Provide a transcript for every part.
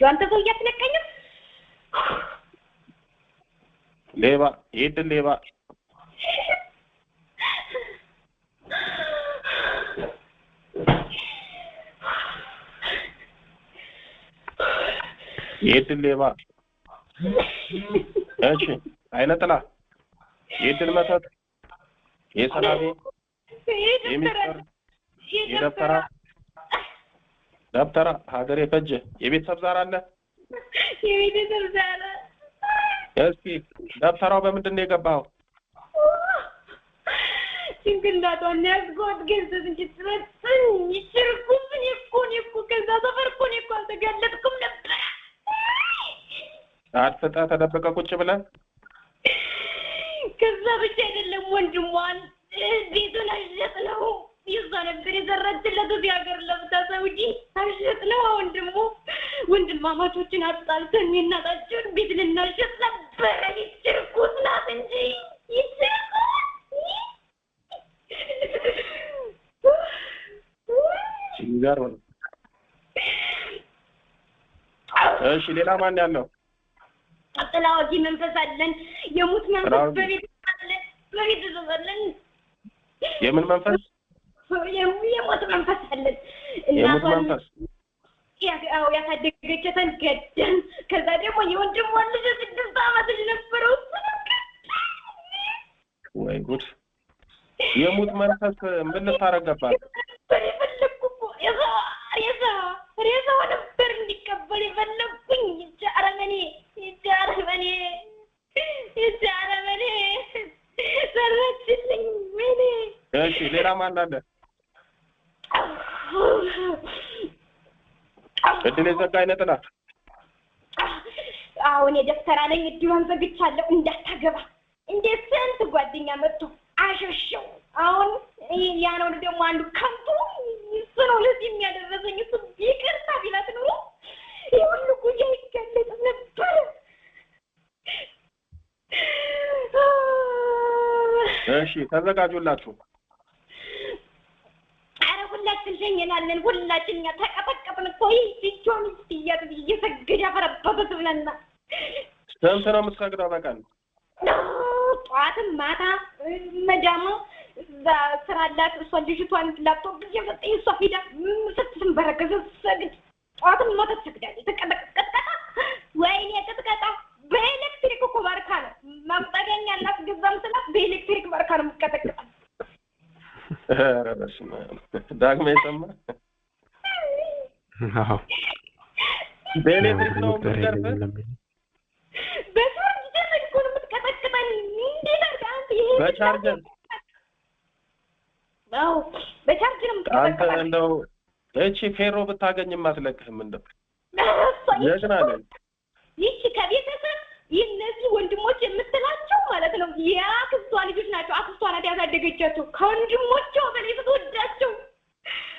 జ్వంతకు చెప్పినట్టయినా లేవా ఏంటి లేవా ఏటి లేవా అయిన తల ఏంటి మా సార్ ఏ సలావి ఏమి ఇస్తారా ఏ చెప్తారా ደብተራ ሀገሬ ፈጀ የቤተሰብ ዛር አለ። የቤተሰብ ዛር እስኪ ደብተራው በምንድን ነው የገባኸው? ጭንቅላቷን ያዝጓት ገንዘብ እንጂ ትረጥን ይችርኩት እኔ እኮ እኔ ከዛ ሰፈር ኩን እኔ እኮ አልተጋለጥኩም ነበር። አድፍጠ ተደብቀ ቁጭ ብለን ከዛ ብቻ አይደለም ወንድሟን ቤቱን አሸጥ ነው ይዛ ነበር የዘራችለት እዚህ ሀገር ለብታ ሰውጂ አሸጥ ነው። አሁን ደግሞ ወንድማማቾችን አጣልተን የናጣቸውን ቤት ልናሸጥ ነበረ። ይችርኩት ናት እንጂ ይችርኩት እሺ፣ ሌላ ማን ያለው? ጥላዋጊ መንፈስ አለን። የሙት መንፈስ በቤት አለን። በቤት የምን መንፈስ የሞት መንፈስ አለን። እናቷን ያሳደገቻትን ገደን። ከዛ ደግሞ ልጅ ስድስት ልጅ ነበረው። ወይ ጉድ! የሙት መንፈስ ምን ልታረገባት? ነበር እንዲቀበል የፈለግኩኝ። እጅ አረመኔ፣ እጅ አረመኔ፣ አረመኔ አረመኔ አረመኔ ሰራችልኝ እሺ ሌላ ማን አለ? እድል የዘጋ አይነት ናት። አሁን የደፍተራ ነኝ እድሏን ዘግቻለሁ። እንዳታገባ እንዴ ስንት ጓደኛ መጥቶ አሸሸው። አሁን ያ ነው ደግሞ አንዱ ከንቱ እሱ ነው ለዚህ የሚያደረሰኝ። እሱ ይቅርታ ቢላት ኑሮ የሁሉ ጉያ ይጋለጥም ነበር። እሺ ተዘጋጁላችሁ። ተኝናለን ሁላችን እኛ ተቀጠቀጥን እኮ ይህ ሲጆን እያት እየሰገድ ያፈረበበት ብለና ስንት ነው የምትሰግደው በቀን? ጠዋትም ማታ መጃማ ስራ አላት እሷ ልጅቷን ላፕቶፕ እየሰጠኝ እሷ ፊዳ ስትንበረከከ ሰግድ ጠዋትም ማታ ትሰግዳለች። ተቀጠቀጥቀጣ ወይኔ ቅጥቀጣ በኤሌክትሪክ እኮ በርካ ነው ማምጠገኛ ላት ገዛም ስላት በኤሌክትሪክ በርካ ነው የምትቀጠቅጣ ዳግመ የሰማ እቺ ፌሮ ብታገኝ አትለቅህም። እንደው የግና ነኝ ይቺ ከቤተሰብ እነዚህ ወንድሞች የምትላቸው ማለት ነው የአክስቷ ልጆች ናቸው። አክስቷ ናት ያሳደገቻቸው ከወንድሞቿ በላይ ብትወዳቸው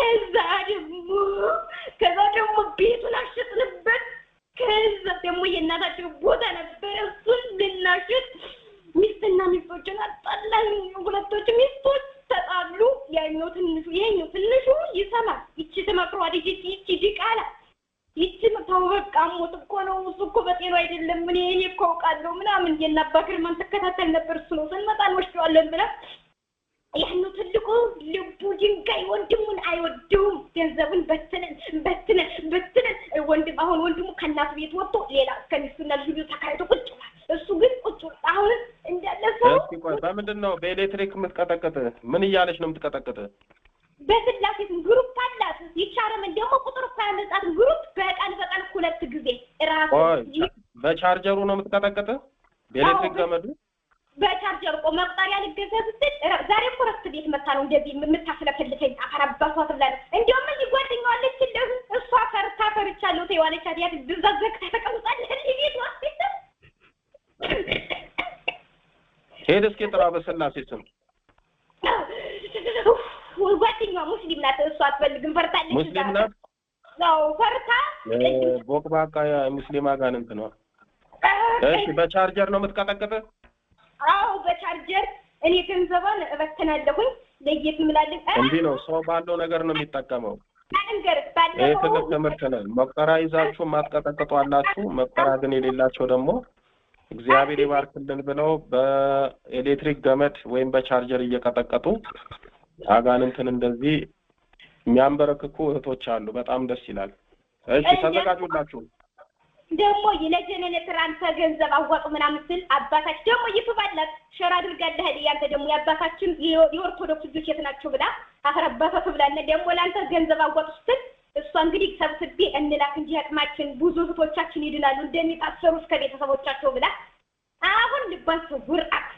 ከዛ ደግሞ ከዛ ደግሞ ቤቱን አሸጥንበት። ከዛ ደግሞ የእናታቸው ቦታ ነበረ፣ እሱን ልናሸጥ ሚስትና ሚስቶችን አጣላን። ሁለቶች ሚስቶች ተጣሉ። ያኛው ትንሹ ይሄኛው ትንሹ ይሰማል። ይቺ ትመክሯለች፣ ይቺ ይቺ ዲቃላ ይቺ ተው በቃ ሞት እኮ ነው እሱ እኮ በጤኑ አይደለም። ምን እኔ እኮ አውቃለሁ ምናምን የናባክርማን ትከታተል ነበር እሱ ነው ስንመጣ እንወስደዋለን ብለ ይህን ልቡ ድንጋይ ወንድሙን አይወደውም። ገንዘብን በትነን በትነን በትነን ወንድም አሁን ወንድሙ ከእናቱ ቤት ወጥቶ ሌላ እስከ ሚስቱና ልጁ ቤት ተካሂዶ ቁጭ ብሏል። እሱ ግን ቁጭ አሁን እንዳለ ሰው በምንድን ነው በኤሌክትሪክ የምትቀጠቅጥ? ምን እያለች ነው የምትቀጠቅጥ? በስላሴት ግሩፕ አላት። ይቻረምን ደግሞ ቁጥር እኮ ያነጻት ግሩፕ በቀን በቀን ሁለት ጊዜ ራሱ በቻርጀሩ ነው የምትቀጠቅጥ በኤሌክትሪክ ገመዱ በቻርጀር ቆ መቁጠሪያ ልገዛ ስትል ዛሬ እኮ እረፍት ቤት መታ ነው እንደዚህ የምታስለፈልፈኝ አፈር አባቷ ትብላ ነው። እንዲሁም እዚህ ጓደኛዋለች እንደሁ እሷ ፈርታ ፈርቻለሁ ተዋለቻት ያ ብዛዘግ ተቀምጣለህ ቤት ነው ሄድ እስኪ ጥራ በስላሴ ስም ጓደኛ ሙስሊም ናት። እሷ አትፈልግም፣ ፈርታለች። ሙስሊም ናት። ያው ፈርታ ቦቅባቃ ሙስሊማ ጋር ነው። እሺ በቻርጀር ነው የምትቀጠቅጥ በቻርጀር እኔ ገንዘቧን እበትናለሁኝ። ለየት ይምላል እንዲህ ነው ሰው ባለው ነገር ነው የሚጠቀመው። ይህ ትልቅ ትምህርት ነው። መቁጠሪያ ይዛችሁ ማትቀጠቅጡ አላችሁ። ግን የሌላቸው ደግሞ እግዚአብሔር ይባርክልን ብለው በኤሌክትሪክ ገመድ ወይም በቻርጀር እየቀጠቀጡ አጋንንትን እንደዚህ የሚያንበረክኩ እህቶች አሉ። በጣም ደስ ይላል። እሺ ተዘጋጁላችሁ። ደግሞ የነጀነን የትራንስፈር ገንዘብ አዋጡ ምናምን ስል አባታች ደግሞ ይፍባላት ሸራ አድርጋለህ አይደል? ያንተ ደግሞ የአባታችን የኦርቶዶክስ ልጆች የት ናቸው ብላ አፈር አባቷ ብላለ። ደግሞ ለአንተ ገንዘብ አዋጡ ስትል እሷ እንግዲህ ሰብስቤ እንላክ እንጂ አቅማችን ብዙ እህቶቻችን ይድናሉ እንደሚታሰሩ እስከ ቤተሰቦቻቸው ብላ አሁን ልባን ስውርአት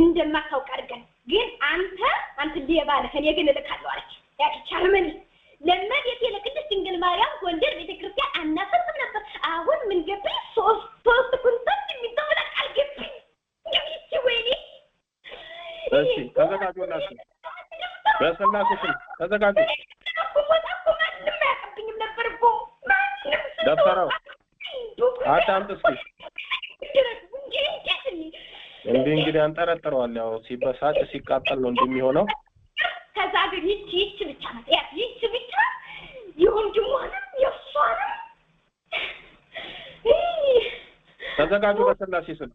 እንደማታውቅ አድርገን ግን አንተ አንተ ሌባ ነህ፣ እኔ ግን እልካለሁ አለች። ያቺ ቻርመኒ ለእመቤቴ ለቅድስት ድንግል ማርያም ጎንደር ቤተክርስቲያን አናፍር አሁን ምን ገባኝ? ሶስት ሶስት ኩንታል ሲሚንቶ ብለቃል ገባኝ። ገብይቺ ወይኔ። እሺ ተዘጋጁ፣ እናት በስላሴ ስም ተዘጋጁ። ደብተራው አዳምጥ እስኪ። እንዲህ እንግዲህ አንጠረጥረዋል። ያው ሲበሳጭ ሲቃጠል ነው እንዲህ የሚሆነው። ከዛ ግን ይቺ ይቺ ብቻ ናት፣ ይቺ ብቻ ይሁን ድሞሆነ ተዘጋጁ። በስላሴ ስም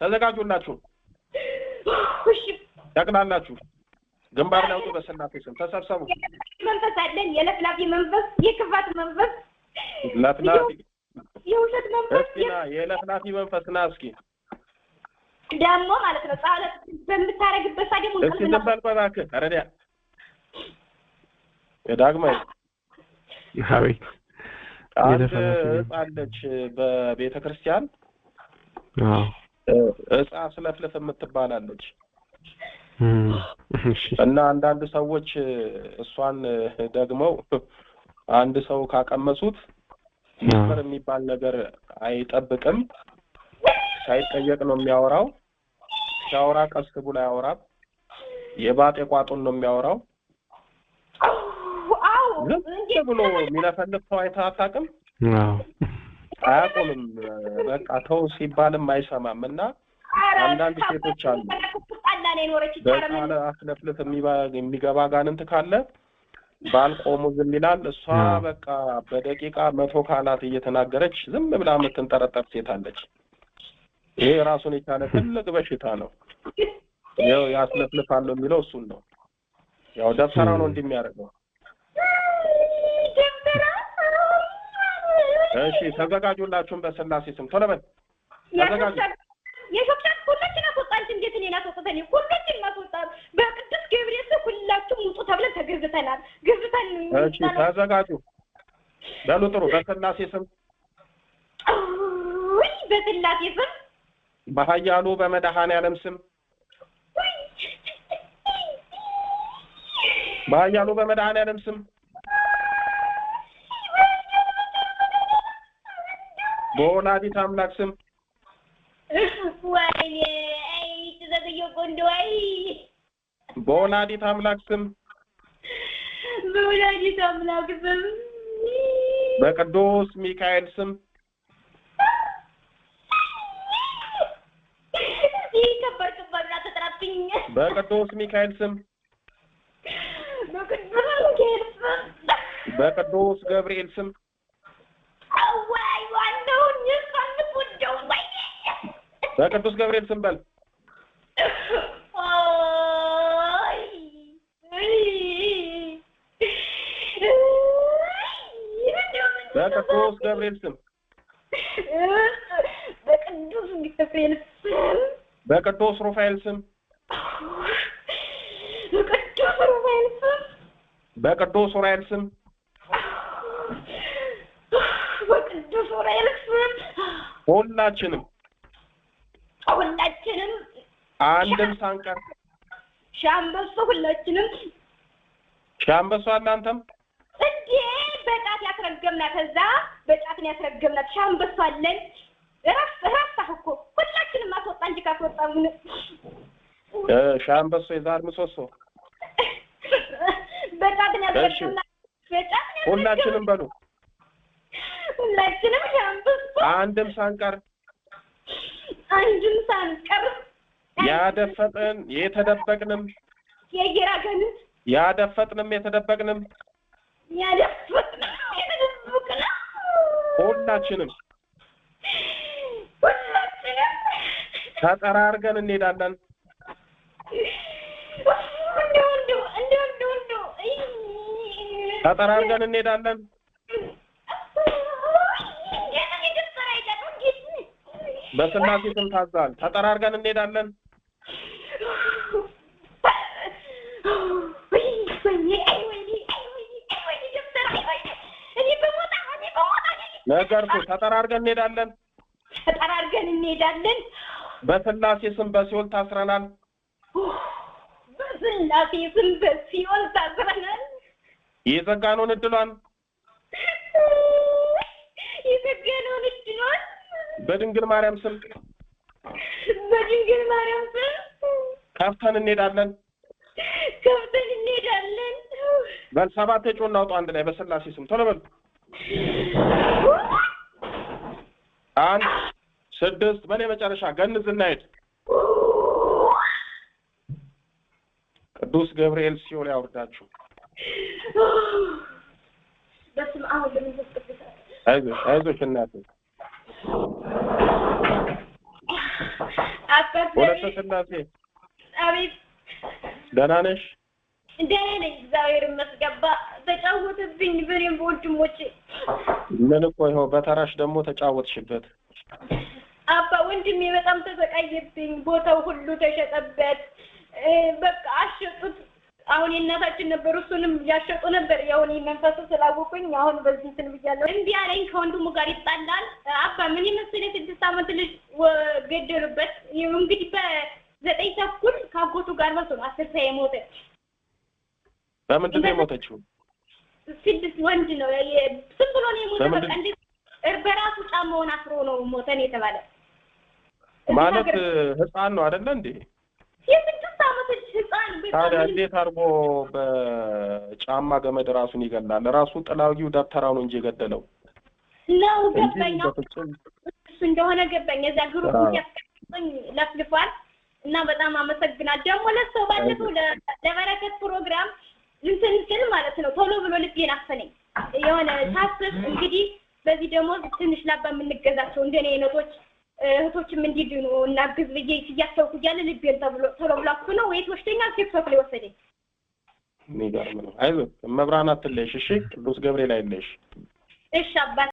ተዘጋጁላችሁ። ጠቅላላችሁ ግንባር ላይ ለውጡ። በስላሴ ስም ተሰብሰቡ። መንፈስ አለን። የለፍላፊ መንፈስ፣ የክፋት መንፈስ፣ ለፍላፊ የውሸት መንፈስ፣ የለፍላፊ መንፈስ ና እስኪ ደግሞ ማለት ነው ጸሎት በምታደርግበት ሰዓት ደግሞ እስኪ ዝም በል በእባክህ ረዲያ የዳግማዊ አቤት አንድ ህጻን አለች በቤተ ክርስቲያን እጻ ስለፍልፍ የምትባላለች እና አንዳንድ ሰዎች እሷን ደግመው አንድ ሰው ካቀመሱት ምክር የሚባል ነገር አይጠብቅም። ሳይጠየቅ ነው የሚያወራው። ሲያወራ ቀስ ብሎ አያወራም። የባጤ ቋጡን ነው የሚያወራው። ዝም ብሎ የሚለፈልፍ ሰው አይተህ አታውቅም? አያውቁንም። በቃ ተው ሲባልም አይሰማም እና አንዳንድ ሴቶች አሉ በቃለ አስለፍልፍ የሚገባ ጋንንት ካለ ባል ቆሞ ዝም ይላል። እሷ በቃ በደቂቃ መቶ ካላት እየተናገረች ዝም ብላ የምትንጠረጠር ሴት አለች። ይሄ ራሱን የቻለ ትልቅ በሽታ ነው። ያው ያስለፍልፋለሁ የሚለው እሱን ነው። ያው ደብተራ ነው እንዲህ የሚያደርገው እሺ ተዘጋጁላችሁን በስላሴ ስም ቶሎ በል ተዘጋጁ። የሾክሻት ሁላችን አስወጣንች። እንዴት እኔን አስወጥተን ሁላችን ማስወጣት በቅዱስ ገብርኤል ስም ሁላችሁም ውጡ ተብለን ተግርዝተናል። ግርዝተን እሺ ተዘጋጁ በሉ ጥሩ በስላሴ ስም ውይ በስላሴ ስም በኃያሉ በመድኃኔዓለም ስም በኃያሉ በመድኃኔዓለም ስም በወላዲት አምላክ ስም ወይ ዘገየ ቆንጆ ወይ በወላዲት አምላክ ስም በወላዲት አምላክ ስም በቅዱስ ሚካኤል ስም በቅዱስ ሚካኤል ስም በቅዱስ ገብርኤል ስም በቅዱስ ገብርኤል ስም በል በቅዱስ ገብርኤል ስም በቅዱስ ገብርኤል ስም በቅዱስ ሩፋኤል ስም በቅዱስ ሩፋኤል ስም በቅዱስ ኡራኤል ስም በቅዱስ ኡራኤል ስም ሁላችንም ሁላችንም አንድም ሳንቀር ሻምበሶ ሁላችንም ሻምበሶ እናንተም እንዴ በጣት ያስረገምናት እዛ በጣትን ያስረገምናት ሻምበሶ አለን። እራስ እራሳህ እኮ ሁላችንም አስወጣ እንጂ ካስወጣ ምን ሻምበሶ የዛር ምሰሶ በጣትን ያስረገምናት በጣትን ሁላችንም በሉ ሁላችንም ሻምበሶ አንድም ሳንቀር አንድም ሳንቀር ያደፈጥን የተደበቅንም የየራቀንም ያደፈጥንም የተደበቅንም ያደፈጥንም የተደበቅንም ሁላችንም ሁላችንም ተጠራርገን እንሄዳለን። ተጠራርገን እንሄዳለን። በስላሴ ስም ታዛል። ተጠራርገን እንሄዳለን። ነገርኩህ። ተጠራርገን እንሄዳለን። ተጠራርገን እንሄዳለን። በስላሴ ስም በሲኦል ታስረናል። በስላሴ ስም በሲኦል ታስረናል። የዘጋነውን እድሏን የዘጋነውን እድሏን በድንግል ማርያም ስም በድንግል ማርያም ስም ከፍተን እንሄዳለን ከፍተን እንሄዳለን። በል ሰባት ጮህ እናውጡ አንድ ላይ በስላሴ ስም ቶሎ በሉ። አንድ ስድስት በል የመጨረሻ ገንዝ እናሄድ። ቅዱስ ገብርኤል ሲኦል ያውርዳችሁ። አይዞሽ አይዞሽ እናቴ ሁለት ስላሴ አቤት፣ ደህና ነሽ? ደህና ነኝ፣ እግዚአብሔር ይመስገን። ተጫወተብኝ በእኔም በወንድሞቼ። ምን እኮ ይኸው በተራሽ ደግሞ ተጫወትሽበት። አባ ወንድሜ በጣም ተሰቃየብኝ። ቦታው ሁሉ ተሸጠበት፣ በቃ አሸጡት። አሁን የእናታችን ነበር። እሱንም እያሸጡ ነበር። ያሁን መንፈሱ ስላወቁኝ አሁን በዚህ እንትን ብያለሁ። እምቢ አለኝ። ከወንድሙ ጋር ይጣላል። አባ ምን የመሰለ ስድስት አመት ልጅ ገደሉበት። እንግዲህ በዘጠኝ ተኩል ከአጎቱ ጋር መቶ ነው አስር ሰ የሞተ በምንድን ነው የሞተችው? ስድስት ወንድ ነው ስም ብሎ ነው የሞተ። በቃ እንዴት በራሱ ጫማውን አስሮ ነው ሞተን የተባለ ማለት ህፃን ነው አደለ እንዴ? ታዲያ እንዴት አድርጎ በጫማ ገመድ ራሱን ይገላል? ራሱ ጥላጊው ደብተራ ነው እንጂ የገደለው ነው። ገባኝ እሱ እንደሆነ ገባኝ። እዛ ግሩ ያስቀኝ ለፍልፏል እና በጣም አመሰግናል። ደግሞ ለሰው ባለፈው ለበረከት ፕሮግራም እንትን ስል ማለት ነው ቶሎ ብሎ ልቤን አፈነኝ የሆነ ታስብ እንግዲህ በዚህ ደግሞ ትንሽ ላባ የምንገዛቸው እንደኔ አይነቶች እህቶችም እንዲድኑ እናግዝ ብዬ እያሰብኩ እያለ ልቤን ተሎብላኩ ነው ወይ ወስደኛል። ቲክቶክ ላይ ወሰደኝ። የሚገርም ነው። አይዞህ መብርሃን አትለይሽ፣ እሺ። ቅዱስ ገብርኤል አይለይሽ፣ እሺ አባ